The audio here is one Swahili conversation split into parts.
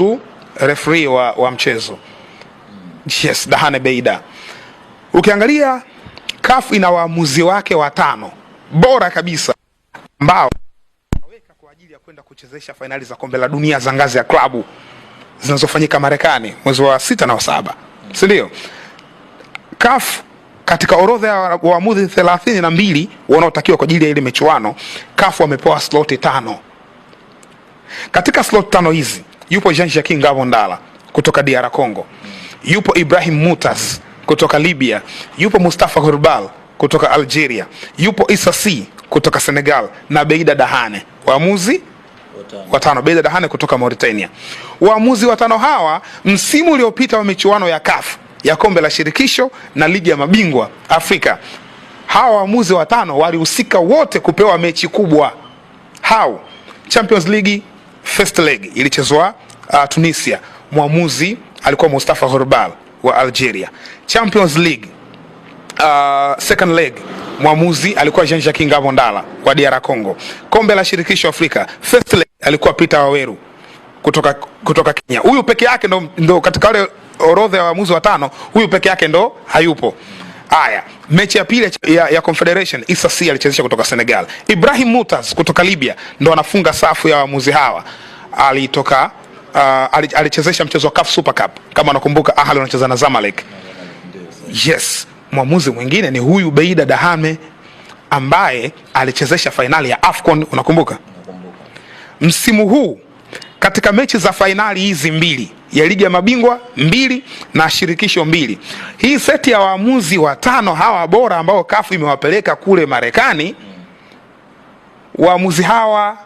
tu referee wa, wa mchezo yes, Dahane Beida. Ukiangalia CAF ina waamuzi wake watano bora kabisa ambao waweka kwa ajili ya kwenda kuchezesha fainali za kombe la dunia za ngazi ya klabu zinazofanyika Marekani mwezi wa sita na wa saba, si ndio? CAF katika orodha ya waamuzi thelathini na mbili wanaotakiwa kwa ajili ya ile michuano CAF wamepewa sloti tano. Katika sloti tano hizi yupo Jean Jacques Ngavo Ndala kutoka DR Congo, yupo Ibrahim Mutas kutoka Libya, yupo Mustafa Hurbal kutoka Algeria, yupo Issa C kutoka Senegal na Beida Dahane, waamuzi watano, Beida Dahane kutoka Mauritania. Waamuzi watano hawa msimu uliopita wa michuano ya CAF ya kombe la shirikisho na ligi ya mabingwa Afrika, hawa waamuzi watano walihusika wote kupewa mechi kubwa. Hao Champions League first leg ilichezwa uh, Tunisia, mwamuzi alikuwa Mustafa Horbal wa Algeria. Champions League uh, second leg mwamuzi alikuwa Jean Jacques Ngabondala wa DR Congo. Kombe la shirikisho Afrika first leg alikuwa Peter Waweru kutoka, kutoka Kenya. Huyu peke yake ndo, ndo katika wale orodha ya waamuzi watano huyu peke yake ndo hayupo. Haya, mechi ya pili ya, ya Confederation Issa C alichezesha kutoka Senegal. Ibrahim Mutaz kutoka Libya ndo anafunga safu ya waamuzi hawa. Alitoka uh, alichezesha mchezo wa CAF Super Cup kama unakumbuka, Ahly wanacheza na Zamalek. Yes, mwamuzi mwingine ni huyu Beida Dahame ambaye alichezesha fainali ya AFCON unakumbuka? Msimu huu katika mechi za fainali hizi mbili ya ligi ya mabingwa mbili na shirikisho mbili. Hii seti ya waamuzi watano hawa bora ambao kafu imewapeleka kule Marekani, waamuzi hawa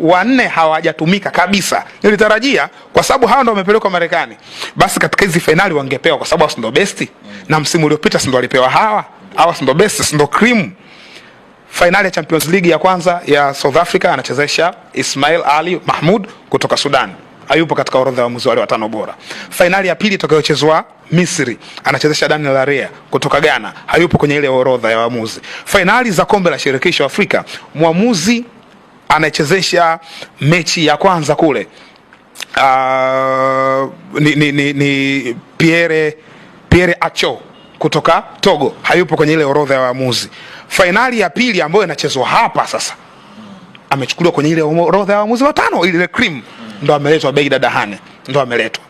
wanne hawajatumika kabisa. Nilitarajia kwa sababu hawa ndio wamepelekwa Marekani, basi katika hizi fainali wangepewa, kwa sababu ndio best, na msimu uliopita ndio walipewa hawa hawa, ndio best, ndio cream. Fainali ya Champions League ya kwanza ya South Africa anachezesha Ismail Ali Mahmud kutoka Sudan hayupo katika orodha ya waamuzi wale watano bora. Fainali ya pili itakayochezwa Misri, anachezesha Daniel Larea kutoka Ghana, hayupo kwenye ile orodha ya waamuzi. Fainali za kombe la shirikisho Afrika, mwamuzi anachezesha mechi ya kwanza kule uh, ni, ni, ni, ni Pierre, Pierre Acho kutoka Togo hayupo kwenye ile orodha ya waamuzi. Fainali ya pili ambayo inachezwa hapa sasa amechukuliwa kwenye ile orodha ya waamuzi watano ile cream ndo ameletwa Beida Dahane, ndo ameletwa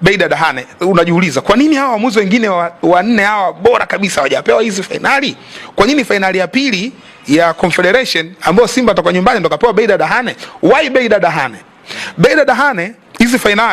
Beida Dahane. Unajiuliza kwa nini hawa waamuzi wengine wanne wa hawa bora kabisa hawajapewa hizi fainali? Kwa nini fainali ya pili ya Confederation ambayo Simba toka nyumbani ndo kapewa Beida Dahane? Why Beida Dahane? Beida Dahane hizi fainali